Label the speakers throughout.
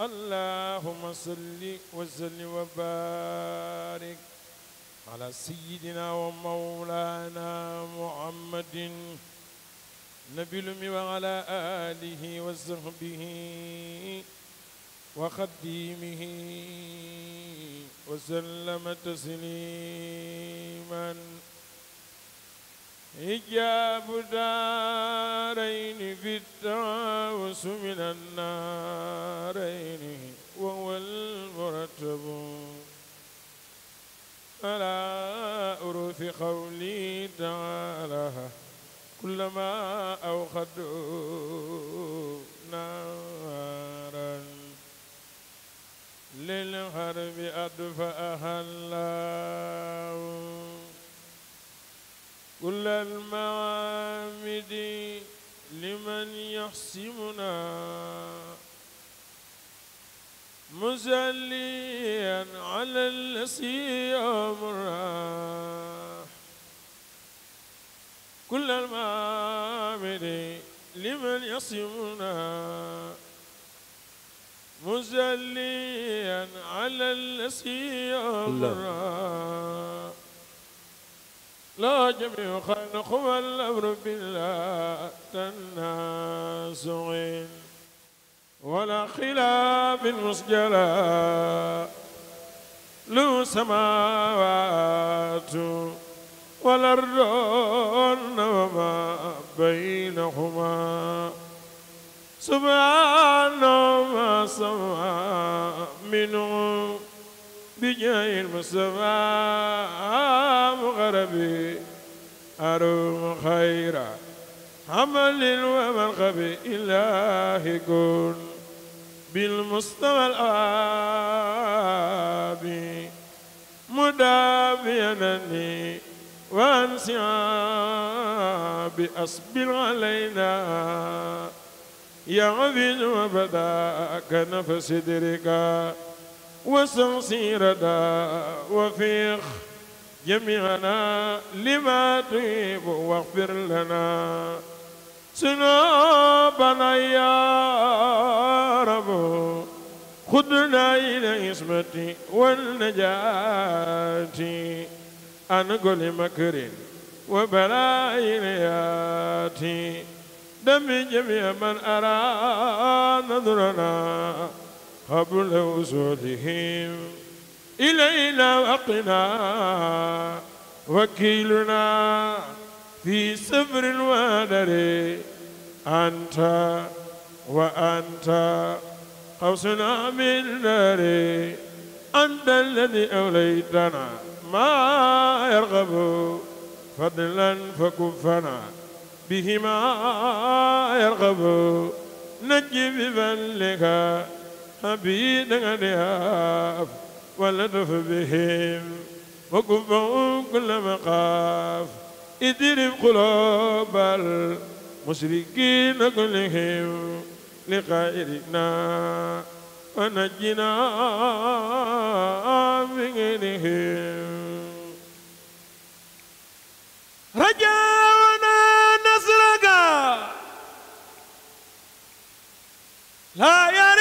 Speaker 1: اللهم صل وسلم وبارك على سيدنا ومولانا محمد نبي الأمي وعلى آله وصحبه وخديمه وسلم تسليما إجاب دارين في التعاوس من النارين وهو المرتب على أروف قولي تعالى كلما أوخدوا نارا للحرب أدفأها الله كل المعامد لمن يحسمنا مزليا على الذي أمره كل المعامد لمن يصمنا مزليا على الذي أمره لا جميع خلق والأمر بلا تنازع ولا خلاف مسجلا له سماوات والأرض وما بينهما سبحانه ما سما منه بجاه المصطفى مغربي أروم خيرا عمل ومرغب إله كن بالمصطفى الآبي مدابينني وانسعى بأصبر علينا يعبد وبداك نفس دركا واستنصير وفيخ جميعنا لما تهيب واغفر لنا سنوبنا يا رب خذنا إلى عصمتي والنجاة عن كل مكر وبلاء لياتي دم جميع من أرى نظرنا قبل وصولهم إلينا وقنا وكيلنا في سفر الودر أنت وأنت قوسنا من دار أنت الذي أوليتنا ما يرغب فضلا فكفنا بهما يرغب نجي بفضلك أبي نغنياف ولطف بهم وكفهم كل مقاف اضرب قلوب المشركين كلهم لخيرنا ونجنا من غيرهم رجاونا نصرك لا يا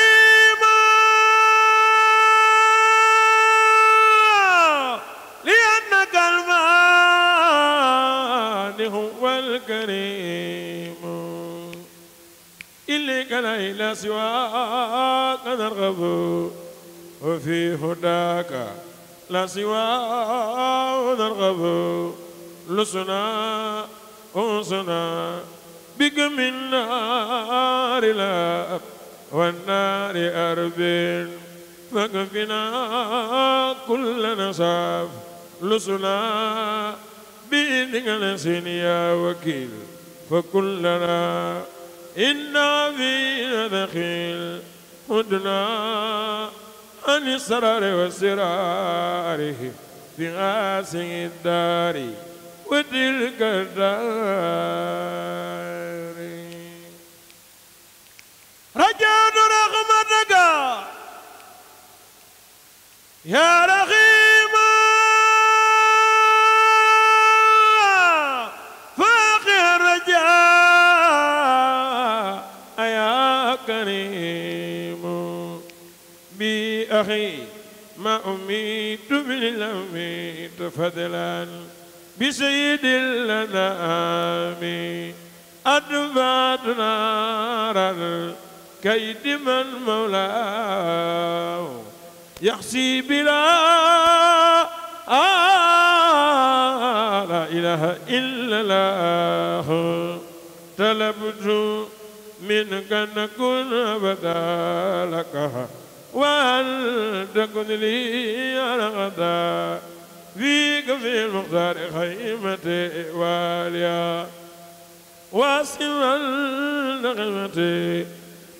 Speaker 1: الكريم إليك لا إلى سواك نرغب وفي هداك لا سواك نرغب لسنا أنسنا بك من نار الأب والنار أرب فكفنا كل نصاب لسنا bi di nga ne seen yaa wakiil fa kun lana inna fina daxil mudna ani sarare wa siraarihi fi aasini daari wa tilka daari rajaatu raxmataka yaa raxi أخي ما أميت من الأميت فضلا بسيد الأنام أدفعت نارا كيد من مولاه يحسي بلا آه لا إله إلا الله طلبت منك نكون بدالك وأن تكن لي رغدا فيك في المختار خيمتي واليا واسما نغمتي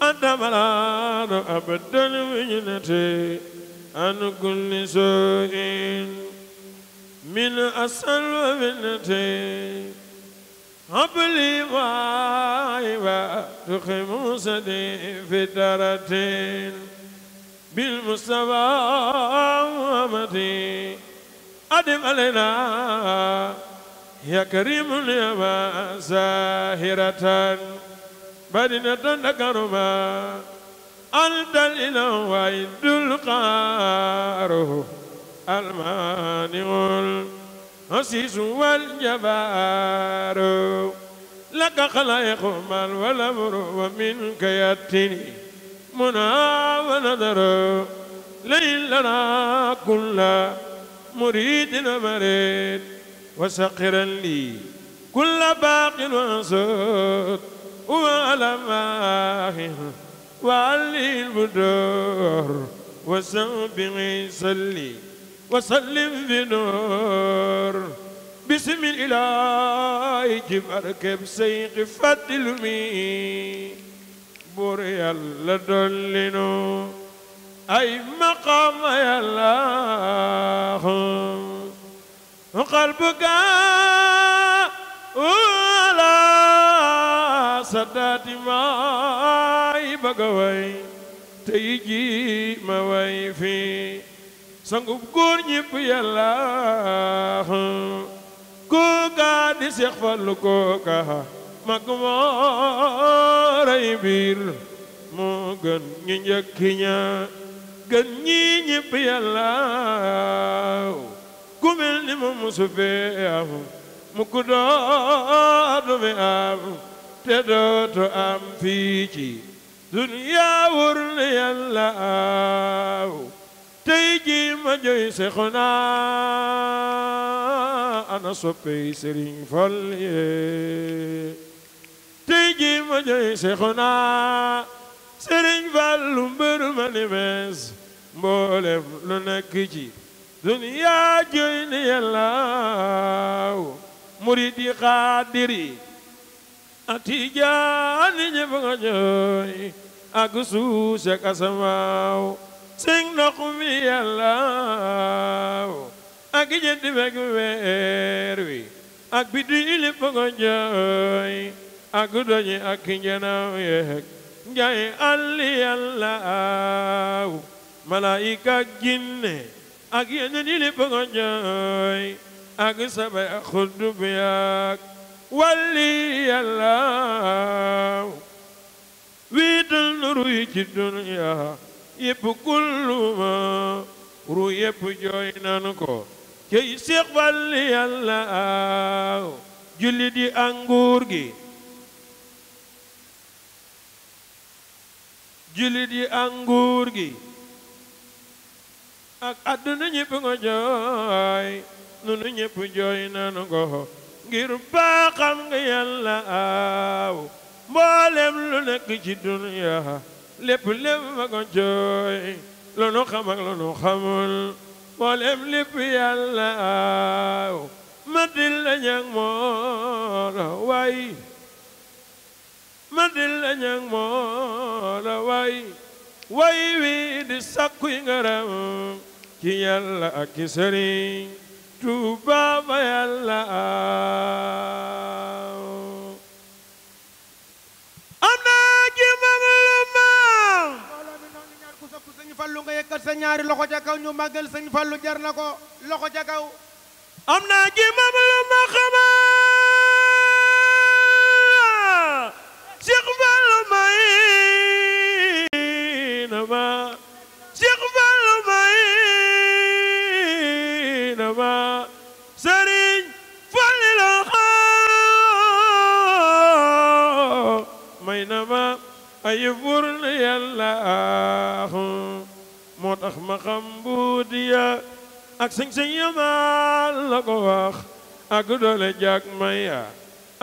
Speaker 1: أنت مراد أبدا وجنتي عن كل سوء من أسل ومنتي حبلي واي وتخيم سدي في درتين بالمصطفى محمد أدم علينا يا كريم يا زاهرة بدنة نكرما أنت الإله وعيد القاره المانع العزيز والجبار لك خلائق مال والأمر ومنك يأتني منار فنذر لئن لنا كل مريد مريد وسخرا لي كل باق وانصت وعلى ماهي وعلي البدور وسبحي صلي وسلم بنور بسم الإله جبرك بسيق فات المين buur yàlla dollinu ay maqaama yàlla qalbuka wala saddaati maay bëgga way te yi ji ma way fi sangub góor ñépp yàlla kooka di seex fallu kooka mag mooray biir moo gën ñi njëkk ña gën ñi ñëpp yàllaaw ku ni mu musu fee am mu ku dootu am te dootu am fii ci duniya wër na yàllaaw tey ji ma joy se xona ana soppey Sëriñ Fall ji ma joy Seexuna Sëriñ Fallu mbëru ma ni bees mboolem lu nekk ci duniya joy ni Yàlla murid yi xaadir yi atijaani ñëpp nga jooy ak suuf si ak asamaaw sing ndox mi yàlla ak jënd beeg weer wi ak biddi lépp nga jooy ak doñi ak njanaw yeek njay alli yàlla aw malaayika jinne ak yeneen yi lépp nga jooy sabay ak xudub yaak walli yàlla aw wiital nu ruy ci duniya yépp kulluma ru yépp jooy ko cey siix walli yàlla aw julli di anguur gi jullit yi ak nguur gi ak àdduna ñépp nga nunu ñépp jooy nanu ko ngir baaxam nga yàlla aaw mboolem lu nekk ci duniya lépp lépp ma ko lu nu xam lu nu xamul mboolem lépp yàlla aaw ma dil la ñag moo ma dil a ñang moo la way way wi di sakku ngaram ci yàlla ak ci sëriñ Tuuba ba yàlla ana ji mag lu maam mbooloo mi noonu ñaar ku sëpp Fallu nga yëkkat sa ñaari loxo ca kaw ñu màggal sëñ Fallu jar ko loxo ca kaw am naa ji mam ma xamaa Cheikh Fall may na ma Cheikh Fall may na may na ma ay bur na Yàlla moo tax ma xam ak sëñ sëñ yamal la ko ak doole jaag maya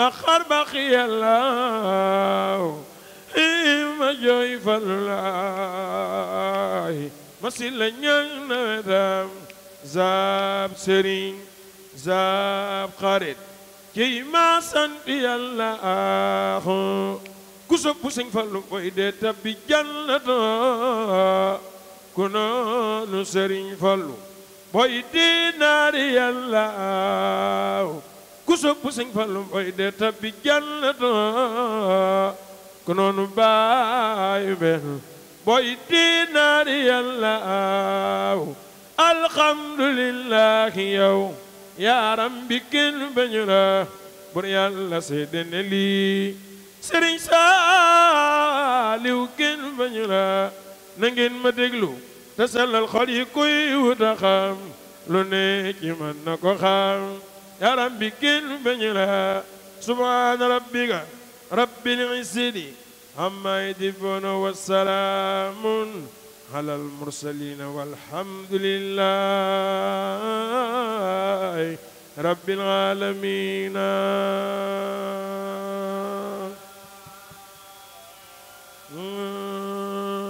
Speaker 1: أخر بقي الله إما جوي فالله مسيلا نيانا دام زاب سرين زاب قارد كي ما سن في الله كسب بسين فالو ويدي تبي جنة كنون سرين فالو ويدي ناري الله ku sopp sëñ Fallu Mboy de tabbi jannata ku noonu baayu benn boy dinaari yàlla aw alhamdulillahi yow yaaram bi kenn bañu la bur yàlla seede ne lii sëriñ saaliw kenn bañu la na ma déglu te sellal xol yi kuy wuta xam lu ne ci man na ko xam يا ربي كل بنيرا سبحان ربك رب العزة عما يدفون والسلام على المرسلين والحمد لله رب العالمين Mm.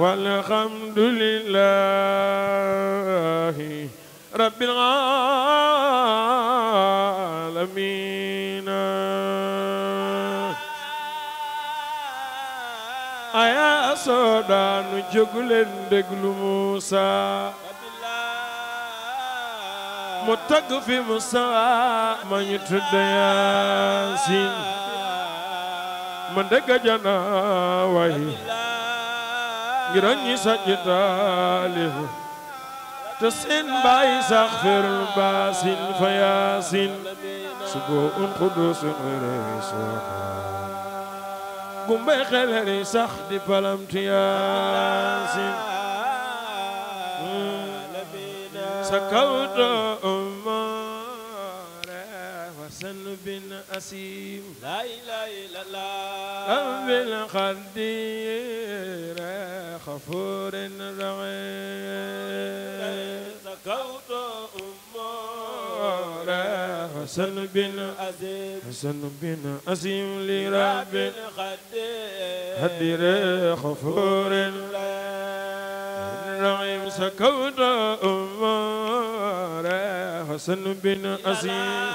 Speaker 1: والحمد لله رب العالمين ayaa soo daanu jóguleen Muusa mu tagg fi Muusa ma ñu tudd ma dégg jana waay ngiroo ñi soj ji taalif te seen baay sax ferul baasin fa yaasin subo un xudusun xeree soona gumbay xeleli sax di palamti yaasin sa kaw doo ذنب أسيم لا إله إلا الله بالخدير خفور رغيم ذكوت أمور حسن بن عزيز حسن بن عزيم لرب الخدير خدير خفور رغيم سكوت أمور ذنب أسير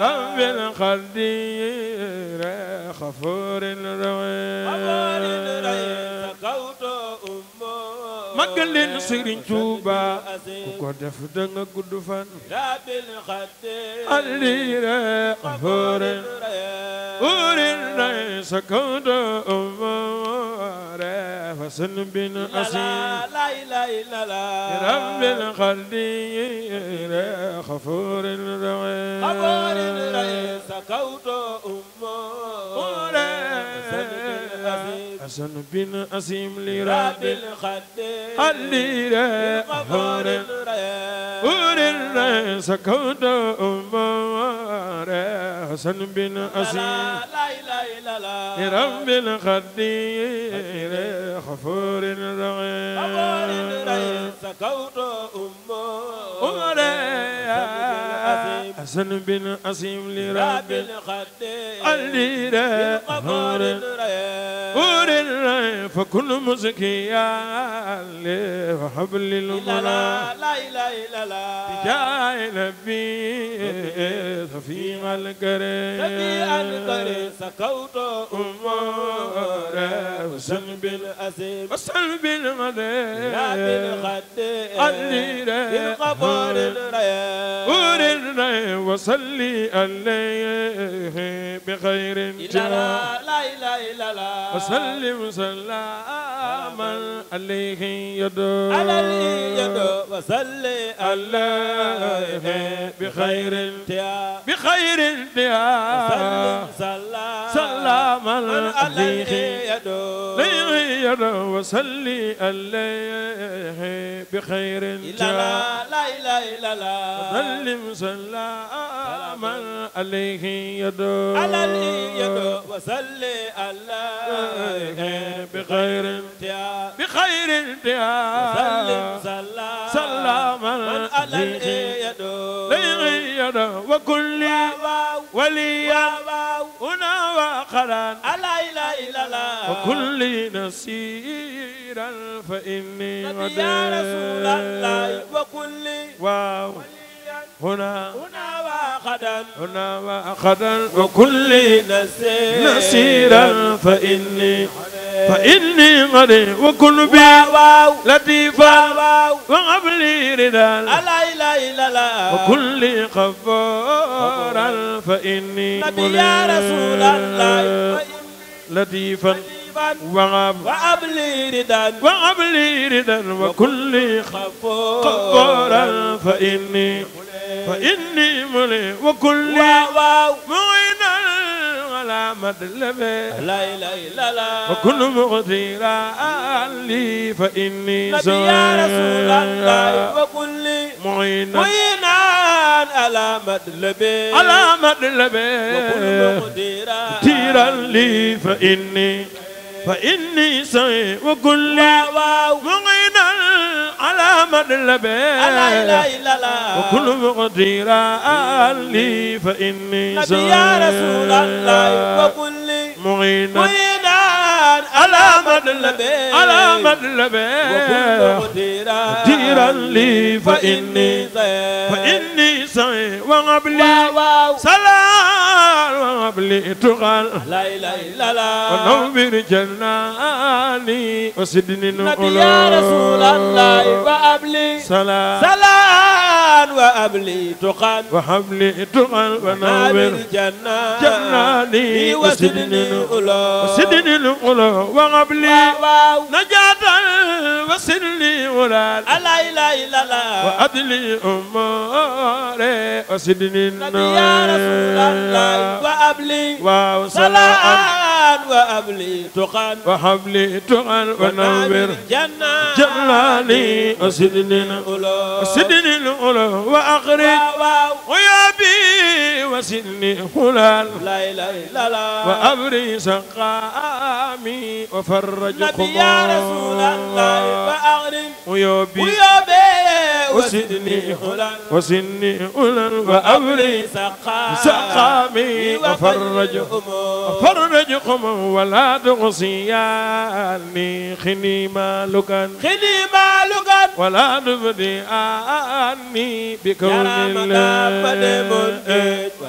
Speaker 1: رب القدير غفور رحيم
Speaker 2: magal leen Sëriñ Tuuba ku ko
Speaker 1: def danga gudd fan alliira a hoorin hoorin nay sa kaw da أحسن بن أسير لا إله إلا الله رب الخلدي غفور رئيس غفور رئيس كوتو حسن بن أسيم لراب الخد حليل أهور أهور الرئيس كود أمار حسن بن أسيم لرب الخدير خفور الرئيس كود أمار أحسن بن أسيم لرب اللي أور فكل مزكيا وحبل الملا لا إله إلا الله بجاي نبي في الكريم نبي الكريم سكوت أمور وسن بالأسيم وسن بالمدين لا بالخد اللي أور وصلي عليه بخير جاء لا إله إلا الله وسلم صلى من عليه يدعو عليه يدعو وصلي عليه بخير الدعاء بخير الدعاء صلى صلى من عليه يدعو عليه يدعو وصلي عليه بخير الدعاء لا اله الا الله وسلم صلى من عليه يدعو عليه يدعو وصلي عليه بخير الدعاء الانتهاء بخير الانتهاء سلم سلاما عليه يدو وكل وليا هنا واخرا لا اله الا الله وكل نصيرا فاني يا رسول الله وكل وليا هنا هنا وخدا هنا وخدا وكل نصيرا فاني فإني مريض وكن بي لطيفا وهب لي رضا لا إله إلا الله وكن لي غفارا فإني مريض يا رسول الله لطيفا وغاب وهب لي رضا وهب لي رضا وكن لي غفارا فإني فإني مريض وكن لي مطلبه لا إله إلا الله وكل مقديرا لي فإني نبي يا رسول الله وكل معينا معينا على مطلبه على مطلبه وكل مقديرا لي فإني فإني سعي وكل معينا على من لبيك لا إله إلا الله وكل مقديرا لي فإني سعيد يا رسول الله وكل معينا على من لبيك على من لبيك وكل مقديرا لي فإني فإني سعي وقبلي سلام وقبلي تقال لا إله إلا الله ونور جناني وسدني نقول يا رسول الله وقبلي سلام سلام وقبلي تقال وحبلي تقال ونور جناني وسدني نقول وسدني نقول وقبلي نجاة وسدني ولا لا إله إلا الله وأدلي أمور re asidinin ya rasulallah wa abli wa salaan wa abli wa habli tuqan wa nawir jannani asidinin ulo asidinin ulo wa akhrij وسلني خلال لا إله إلا الله وأبري سقامي وفرج خمار نبي يا رسول الله فأغرم ويوبي ويوبي وسني خلال وسني خلال وأبري سقامي وفرج وفرج خمار ولا تغصياني خني مالكا خني مالكا ولا تبدي عني بكون الله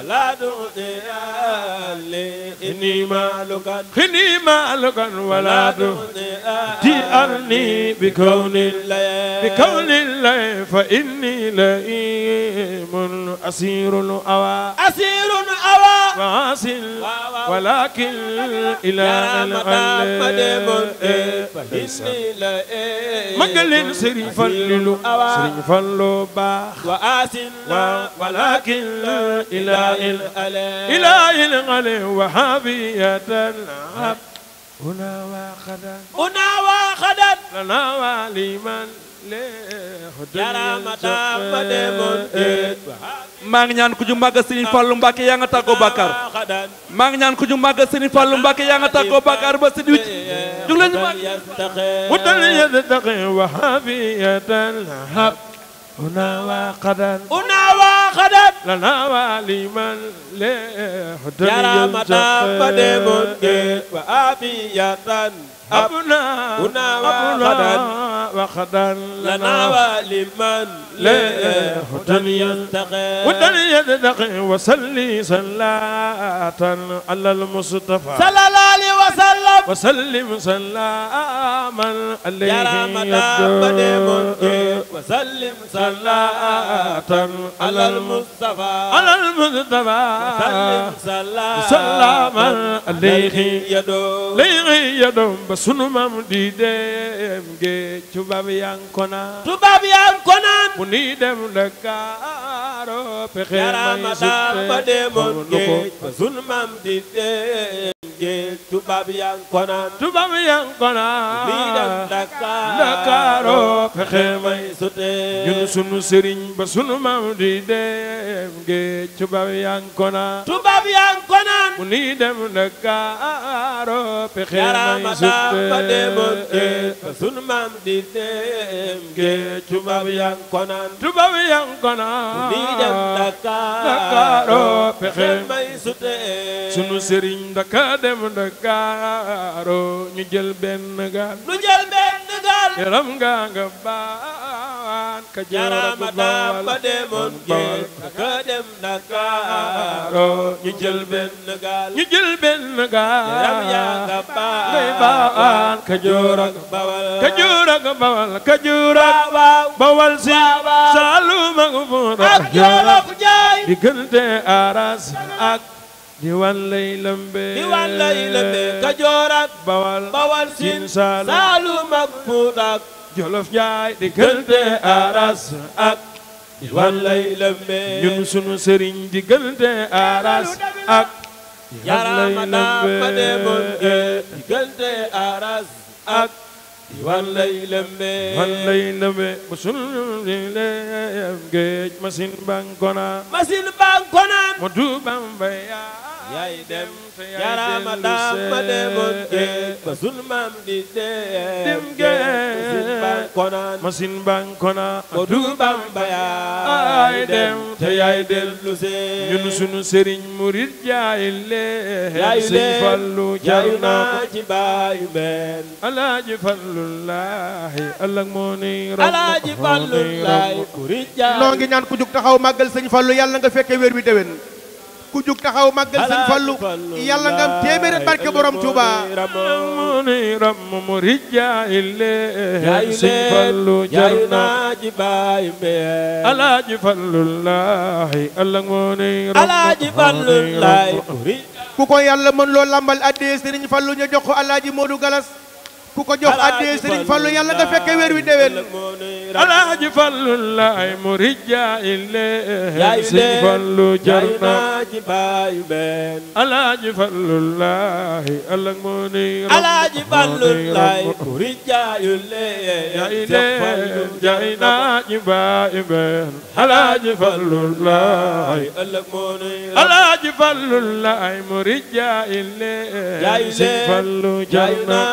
Speaker 1: ولا تؤتي أهلي إني مالك إني مالك ولا تؤتي أهلي بكون الله بكون الله فإني لئيم أسير أوى أسير أوى واصل ولكن إلى محمد فإني لئيم مجل سريفا للو سريفا لو باخ وآسل ولكن إلى إله الغلي وحبية العبد هنا وغدا هنا وغدا maa ngi ñaan ku ñu màgg Serigne Fallou Mbacke yaa nga tàggoo Bakar ngi ñaan ku ñu màgg Serigne Fallou Mbacke yaa nga ba si wicc jug leen ñu màgg wutal yadtaqi wa hafiyatan hab una wa qadan xadat lana wali man le yaramata fademon ge wa abiyatan abuna una man له هدى يتقي هدى يتقي وصلي صلاة على المصطفى صلى الله عليه وسلم وسلم سلاما عليه يا رمضان وسلم صلاة على المصطفى على المصطفى وسلم سلاما عليه يدوم عليه يدوم بسنو مام ديدم جي تباب يانكونا تباب يانكونا ni dem Ndakaaru pexe may sutee moom nu ko sun maam di dee jéeg tubaab yaa ngi ko naan. tubaab yaa ngi ko naan. lii dem Dakar Dakaroo fexe may sotee. ñun sunu sëriñ ba sunu maam di dem géej tubaab yaa ngi ko naan. tubaab yaa ngi ko naan. mu nii dem Dakaroo fexe may sotee. ba demoon géej ba sunu maam di dem géej tubaab yaa ngi ko naan. tubaab yaa ngi ko naan. mu nii dem Dakar Dakaroo fexe may sotee. sunu sëriñ Dakar dem Ndakaaru ñu jël benn gaal ñu jël benn gaal yaram ngaa nga baan ka jaarama daam ba demoon géej ka dem Ndakaaru ñu jël benn gaal ñu jël benn gaal yaram yaa nga baan ka joor ak bawal ka joor ak bawal ka joor ak bawal si saalum ak fuuta ak joor ak jaay diggante aras ak diwaan lay lëmbee diwaan lay lëmbee Kajoor ak Bawal Bawal Siin Saalum ak Fuuta ak Jolof Njaay diggante Aras ak diwaan lay lëmbee ñun sunu sëriñ diggante Aras ak diwaan lay lëmbee yaraama naa ma demoon diggante Aras ak wallaylembe wallaylembe musul leem géej masin bankona masin bankona mu duubam bayaa yaay dem yarama daam ma demoon géej ba zulmaam di dee dem géej konaan masin bankona moo du bamba yaay dem te yaay dellu see ñun sunu sëriñ murid jaay leen yaay sëñ fallu jaay naa ci baayu meen alaaji fallullaahi allah moo ni rabb alaaji fallullaahi murid jaay noo ngi ñaan ku jug taxaw màggal sëñ fallu yàlla nga fekke weer wi déwén ku jug taxaw màggal sëñ Fallu yàlla nga am téeméeri barke borom Touba ram mu rijjaayile sëñ Fallu jar na alaaji fallullahi allah ngoonee alaaji fallullahi ku ko yàlla mën loo lambal addee sëriñ Fallu ñu jox ko alaaji Modou Galas ku ko jox addee Serigne Fallou yàlla nga fekke weer wi déwén alaaji Fallou laay murija ille Serigne Fallou jar na alaaji Fallou laay alak moo ni alaaji Fallou laay murija ille jaay naa ji baay ben alaaji Fallou laay alak moo ni alaaji Fallou laay murija ille Serigne Fallou jar na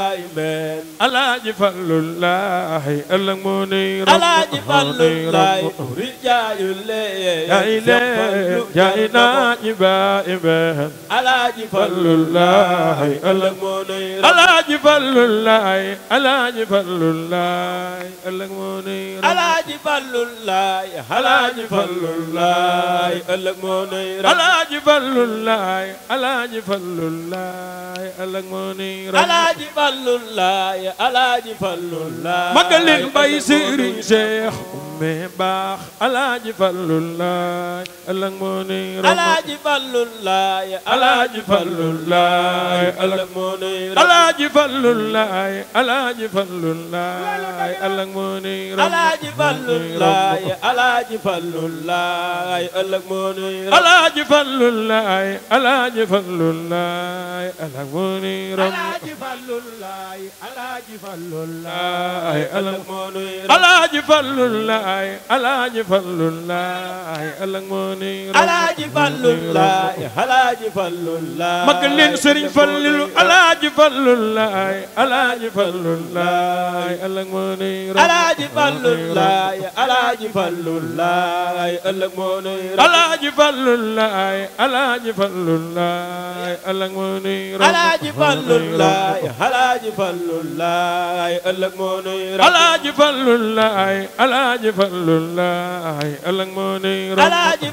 Speaker 1: amen alaaji fallullahi allah moo nuy rabb alaaji fallullahi rijaayul leeyee jaay naa iba amen alaaji fallullahi allah moo nuy rabb alaaji fallullahi alaaji fallullahi allah moo nuy rabb alaaji fallullahi alaaji fallullahi allah moo nuy rabb alaaji fallullahi alaaji fallullahi allah moo nuy rabb fallu laay alaaji fallu laay magalin bay sëriñ Cheikh mee baax alaaji fallullaay alag moo nuy rama alaaji fallullaay alaaji fallullaay alag moo nuy rama alaaji fallullaay alaaji fallullaay alag moo nuy rama alaaji fallullaay alaaji fallullaay alag moo nuy rama alaaji fallullaay alaaji fallullaay alag moo nuy rama alaaji fallullaay alaaji fallullaay alag moo nuy rama alaaji fallullaay laay alaaji fallu laay alag moo ni alaaji fallu laay alaaji fallu laay mag leen sëriñ fallilu alaaji fallu laay alaaji fallu laay alag moo ni alaaji fallu laay alaaji fallu laay alag moo ni alaaji fallu laay alaaji fallu laay alag moo ni alaaji fallu laay alaaji fallu laay alag moo ni alaaji fallu laay alaaji fallullaay ëllëg moo nuy ram alaaji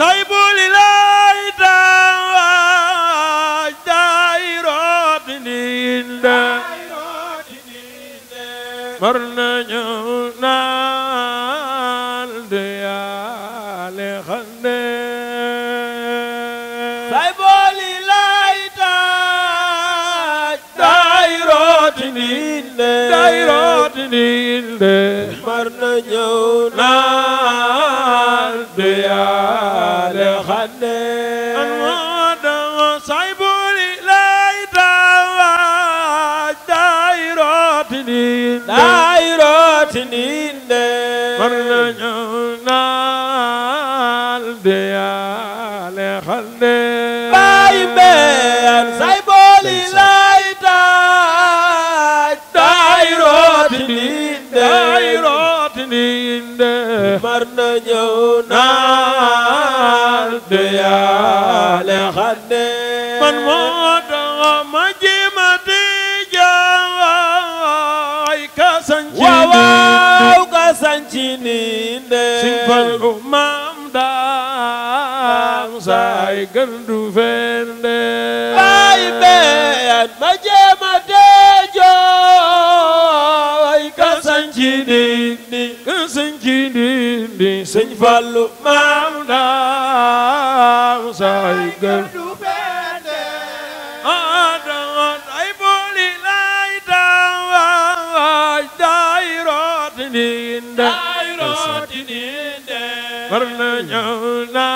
Speaker 1: say buuli laay dawaaj daay rooti diinde mar nañu naa de mar na ñëw naan du yaale xande Dai rotini ay root ndiinde mar na ñëw naar du yaale xande man moo taxa ma jimati jaay ka sanci waaw ka sanci niinde sin falu maam daam saay gëndu fende bay bee ci dindi sëñ ci dindi sëñ Fallu maam daaw say gën du bende ay booli lay daaw day root dinde day root dinde war na ñëw naa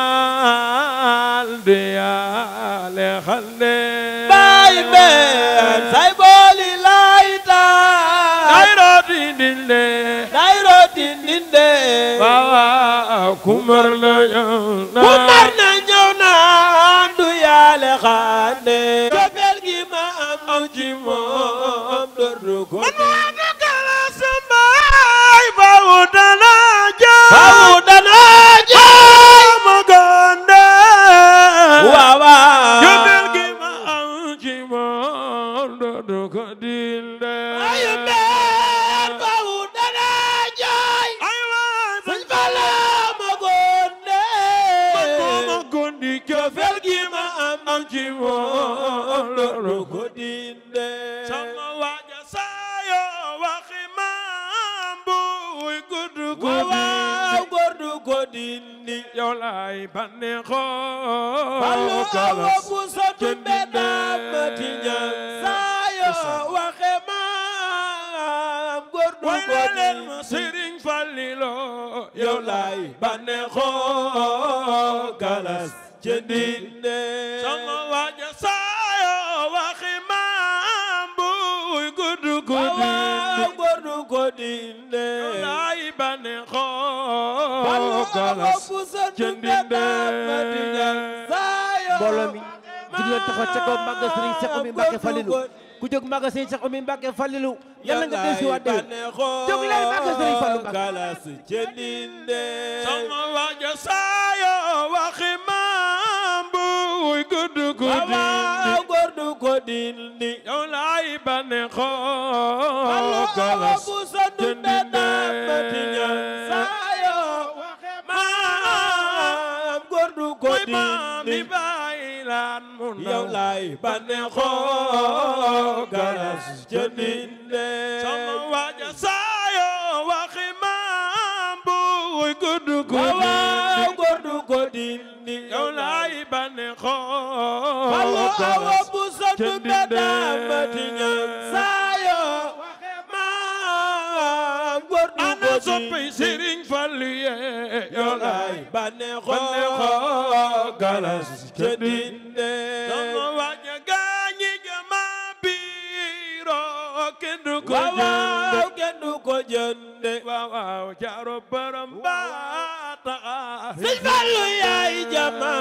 Speaker 1: de waaw waaw kumar na ñëw na kumar na ñëw na du yàlla xaande cofeel gi ma am ci moom dootu ko man waa na kala sambaay ba wutana lay banneexo balu awa buso tumbe dama tiña sayo waxe maam góor du ko leen ma sëriñ Fallilu yow lay banneexo galas ci ndine salas jëndinde mbooloo mi jug leen taxaw ca kaw màgg Sëriñ Cheikh Oumy Mbacké Falilou ku jóg màgg Sëriñ Cheikh Oumy Mbacké Falilou yàlla nga dellusi waat déwén jóg leen màgg Sëriñ Fallou Mbacké jëndinde sama waaja saayo waxi maam buy gudd ko dindi gudd ko dindi yow laay bànneexoo kalas jëndinde maam mi bàyyi laan mun na yow laay bànneexoo galas ca ninde sama waaja saayoo waxi maam buy gudd ko waaw gudd ko dindi yow laay bànneexoo walla bu sa du beddaama ti ñam saayoo waxi maam gudd falliye yoo lay baneexoo galas ca dinde sama waaja gaañi jama biiroo kenn du ko jënde kenn du ko jënde baram baa taxa sëñ Fallu yaay jama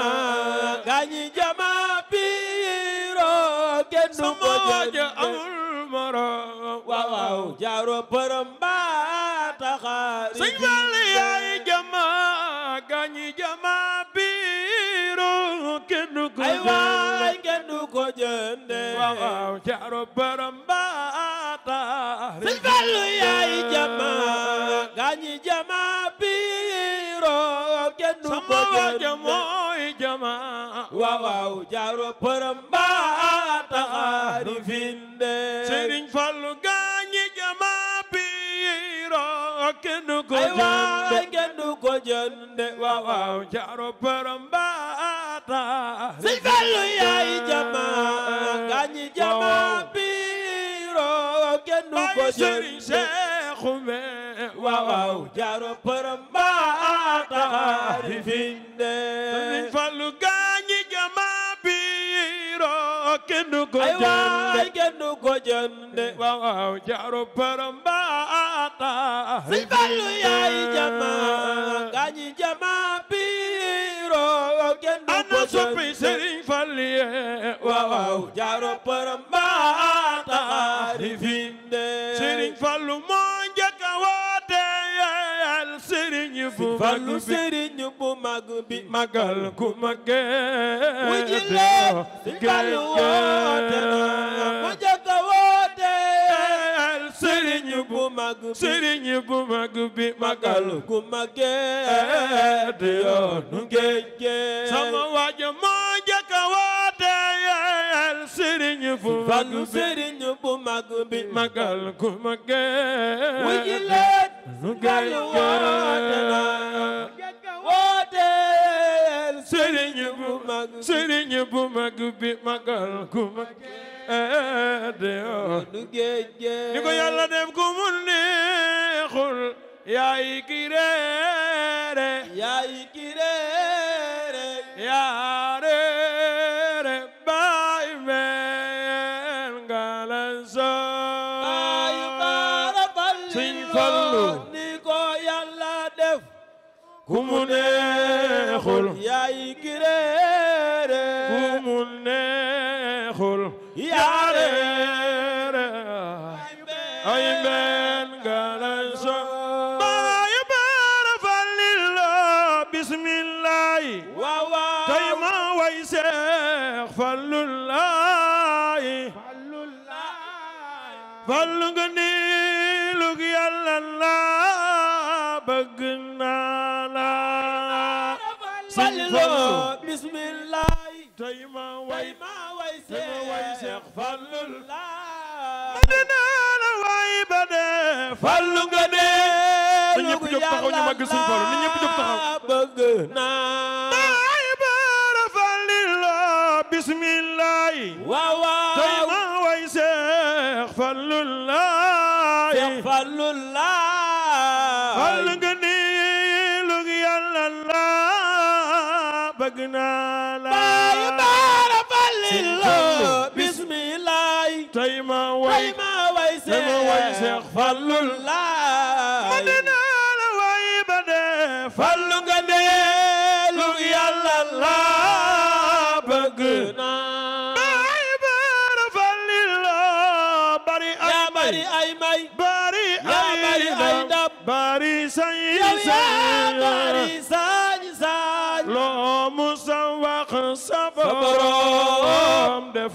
Speaker 1: gaañi jama biiroo kenn du ko jënde sama waaja amul moro waaw baram xaari sëñ Fallou yaay jama gañi jama biiru kenn du ko jënde waay kenn du ko jënde waaw jaaro borom baata sëñ Fallou yaay biiru kenn du ko jënde sama mooy jama waaw jaaro borom baata xaari finde kenn ko jënd ay jaaro borom si fallu yaay jama gaañi jama biiro kenn ko jënd ay jaaro borom baata kenn du ko jënd ay kenn du ko jënd waaw waaw jaaro borom baata si fallu yaay jama gaañi jama biro kenn du ko jënd ana soppi Serigne Fallu waaw waaw jaaro borom baata rifinde Serigne Fallu moo sëriñ bu mag bi sëriñ bu mag bi magal ku mage wujile si Fallu woote mu jëkk woote sëriñ bu mag bi sëriñ bu mag bi magal ku mage de yoonu géej sama waaja moo jëkk woote sëriñ bu mag bi sëriñ bu mag bi magal ku mage wujile nu gën woote naa wooteel sëriñ bu mag sëriñ bu mag bi magal ku mag deyo nu géej géej ni ko yàlla def ku mu neexul yaay ki reere yaay ki reere yaare kumu neexul yaay kireere kumu neexul yaare tey ma way ma way Seex Fallul ma ne naa la way ba dee Fallu nga dee lu yàlla laa bëgg naa Seex laa bari ay may bari ay dab bari sañ sañ bari sañ mu sa wax sa borom def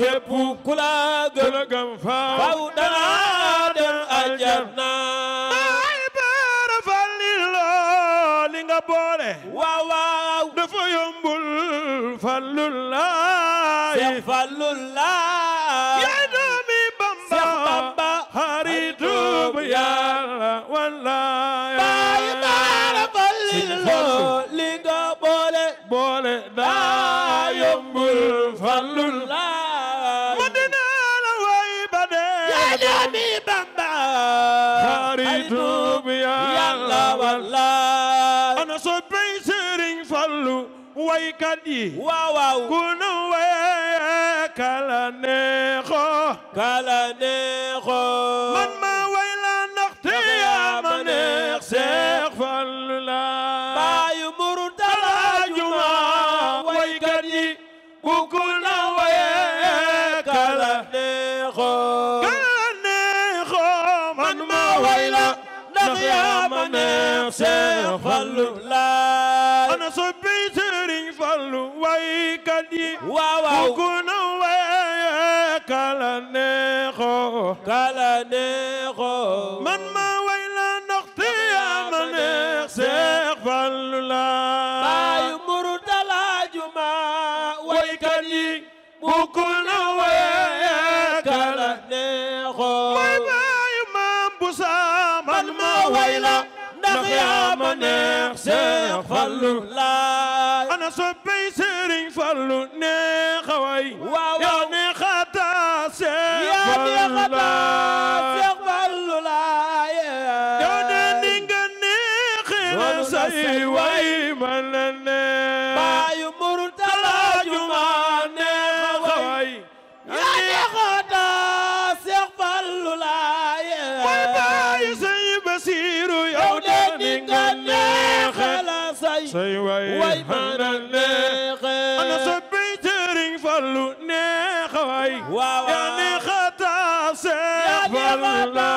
Speaker 1: képp ku la dem aljanna ay baara fallilo li boole waaw waaw yombul fallullaay fallullaay doomi bamba bamba xaritu bu yàlla wallaay ay baara fallilo li nga boole boole daa yombul fallullaay waykat yi waaw kala neexo kala neexo man ma way la ndaxte yaa ma neex Seex Fallu la baayu Murtala juma waykat yi ku kala neexo kala neexo man ma way la yaa ma neex Seex Fallu waaw waaw ku na waye kala neexo kala neexo yaa ma neex Seex Fallu laay ana soppey Sëriñ Fallu neex a way yaa neex a taa Seex Fallu laay say way mana neex ana sa bi jëriñ fallu neex way ya neex ta se fallu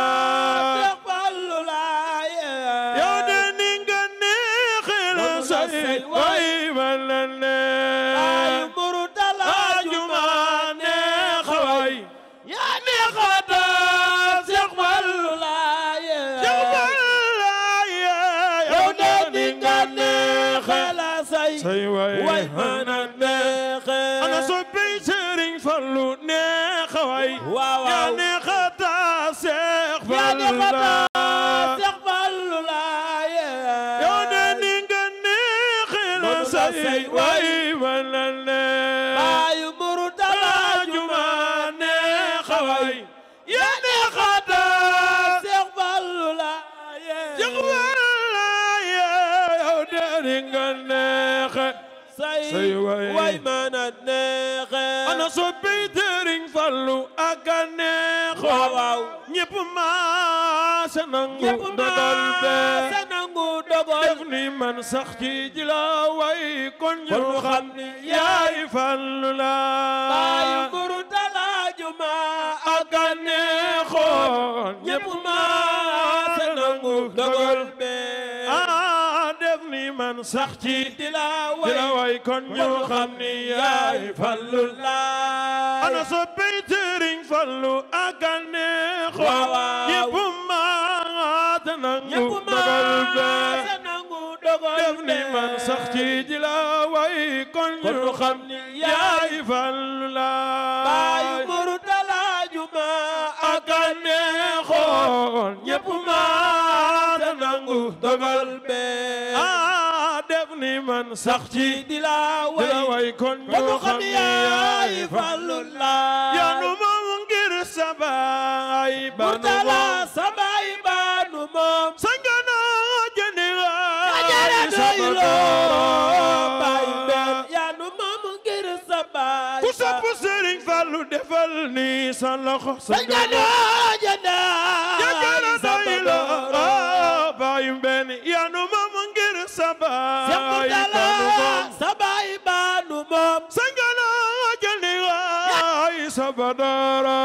Speaker 1: sey way man a ana soppey tëriñ fallu ak a neexoo waaw ñépp maa sa nangu dogal bee ni man sax ci jila way kon ñu xam sa nangu dogal man sax ci ñu xam ni yaay fallu laay ana soppey sëriñ fallu agal ne xo ñépp ma ta nangu ni man sax ci di la way ñu xam ni yaay fallu laay baay muru dala juma agal ne xo ñépp ma daayiman sax ci di la way di la way kon ñu xam yaay fallu la yanu moom nu moom sabaay ba nu moom sangana jëndi waay sabaay ku sopp Serigne Fallou defal sa loxo sa ko dara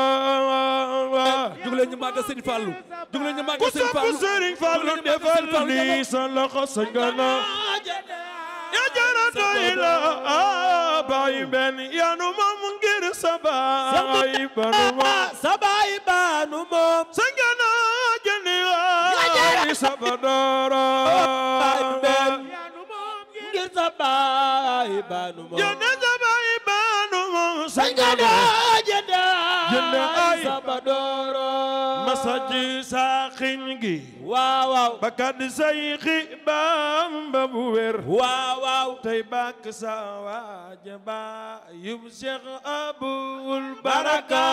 Speaker 1: jug leen ñu màggal Sëriñ Fallu jug leen ñu màggal Sëriñ Fallu ku sopp Sëriñ Fallu defal ni sa loxo sa ngana ya jara doy la baay ben ya nu moom ngir sa baay ba nu moom sa baay ba nu moom sa ngana jëni waay sa ba dara baay ben ya nu moom ngir sa baay ba nu moom ay masaji sa xiñ gi waaw waaw bakkat sayxi bamba bu wér waaw waaw sa waaja ba yum cheikh abul baraka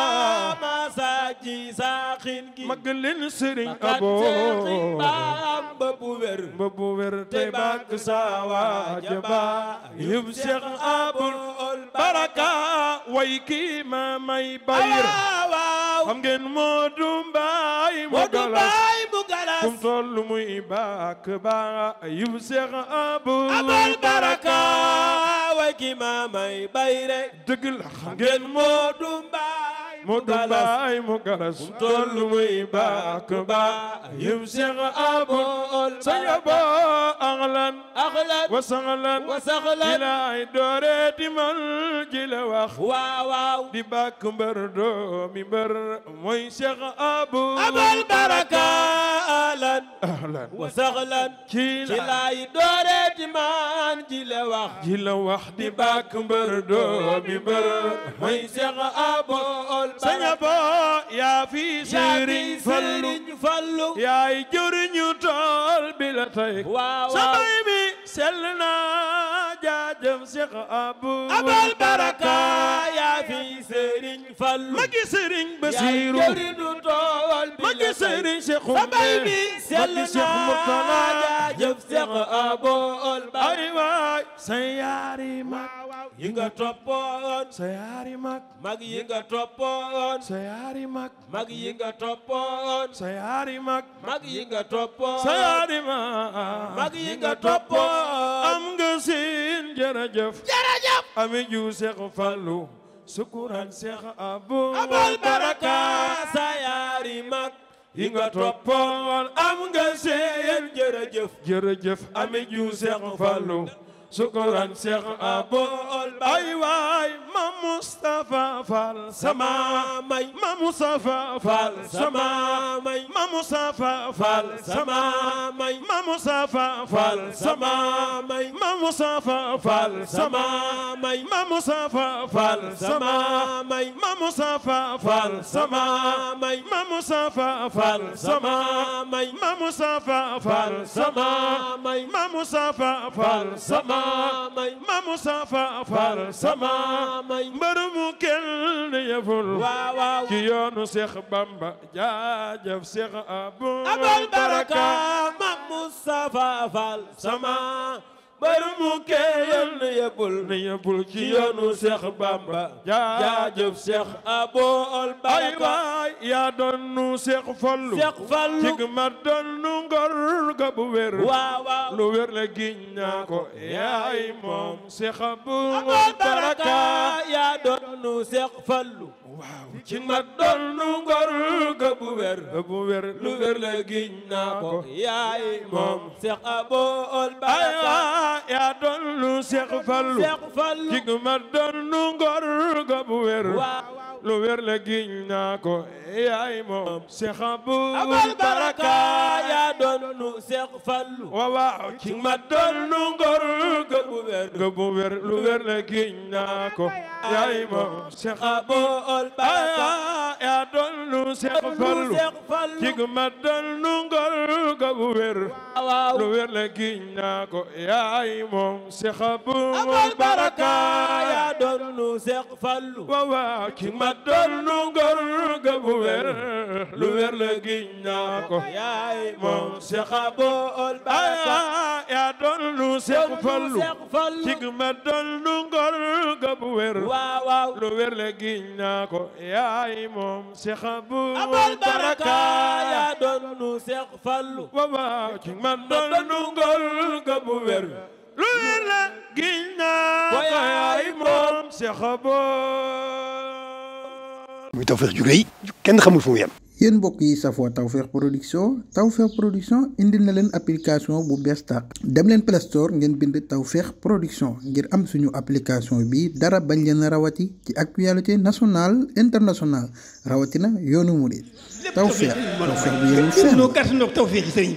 Speaker 1: ma sa ji saaxin gi magalin sëriñ abo bamba bu wér ba baraka way kii ma may bayir xam ngeen moo du mbaay mu galas kum tollu muy baak baa yub seex abul baraka way ki ma may bayre dëgg la xam ngeen moo du mbaa mu galas mu galas tollu muy baax ku baax yim Seex abul sayaba ahlan ahlan wa sahlan wa sahlan ilaay doore di man ji la wax waaw waaw di bàkk mbër doomi mbër mooy Seex abul abul baraka ahlan ahlan wa sahlan ci laay doore di man ji la wax ji la wax di bàkk mbër doomi mbër mooy Seex abul sëñ Abo yaa fi Serigne Fallou yaay jëriñu tool bi la tey sabay bi sell na jaajëm Cheikh Abou Abal Baraka yaa fi sëriñ fal magi sëriñ basiru yaa jëriñu tool bi magi sëriñ cheikh umbe sabay bi sell na jaajëf cheikh abool bari waay sa yaari mag yi nga toppoon sa yaari mag mag yi nga toppoon sa yaari mag mag yi nga toppoon sa yaari mag mag yi nga toppoon sa yaari mag mag yi nga toppoon am nga siin jërëjëf jërëjëf ami ju cheikh fallu sukuran seex abu abul baraka sa yaari yi nga toppoon am nga seen jërëjëf jërëjëf ami ju seex fallu sukuran Seex Abool ay waay ma Mustafa Fall sama may ma Mustafa Fall sama may ma Mustafa Fall sama may ma Mustafa Fall sama may ma Mustafa Fall sama may ma Mustafa Fall sama may ma Mustafa Fall sama may ma Mustafa Fall sama may ma Mustafa Fall sama may ma Mustafa Fall sama ma Musa fa far sama mbër mu kenn yëful ci yoonu Seex Bamba jaajëf Seex Abul Baraka ma Musa fa far sama bër mu kéyal nu yebul nu yebul ci yoonu Seex Bamba jaajëf Seex Abool Baraka yaa doon Seex Fallu Seex Fallu cig ma doon ngor ga bu lu wér la giñ naa ko yaay moom Seex Abool Baraka yaa doon Seex Fallu waaw ci mag doon nu ngor ga bu wer lu wer la giñ naa ko yaay moom seex abool baay yaa doon lu seex fallu seex fallu ci doon nu ngor ga bu wer lu wér la giñ naa ko yaay moom Cheikh Abul Baraka yaa doon nu Cheikh Fallu waaw ci ma doon nu ngor ga bu wér ga bu wér lu wér la giñ naa ko yaay moom Cheikh Abul Baraka yaa doon nu Cheikh Fallu ci ma doon nu ngor ga bu wér lu wér la giñ naa ko yaay moom Cheikh Abul Baraka yaa doon nu Cheikh Fallu waaw ci ma doon lu wér la giñ naa ko yaay moom Seex Abo ol Baraka yaa doon nu Seex Fallu lu wér ma doon nu góor ga bu lu wér la giñ naa ko moom Seex Abo muy Tawfekh ju rëy kenn xamul fu mu yem. yéen yi safoo Tawfekh production Tawfekh indil na leen application bu bees tàq dem leen Play Store ngeen bind Tawfekh production ngir am suñu application bi dara bañ leen rawati ci actualité nationale internationale rawatina yoonu mu de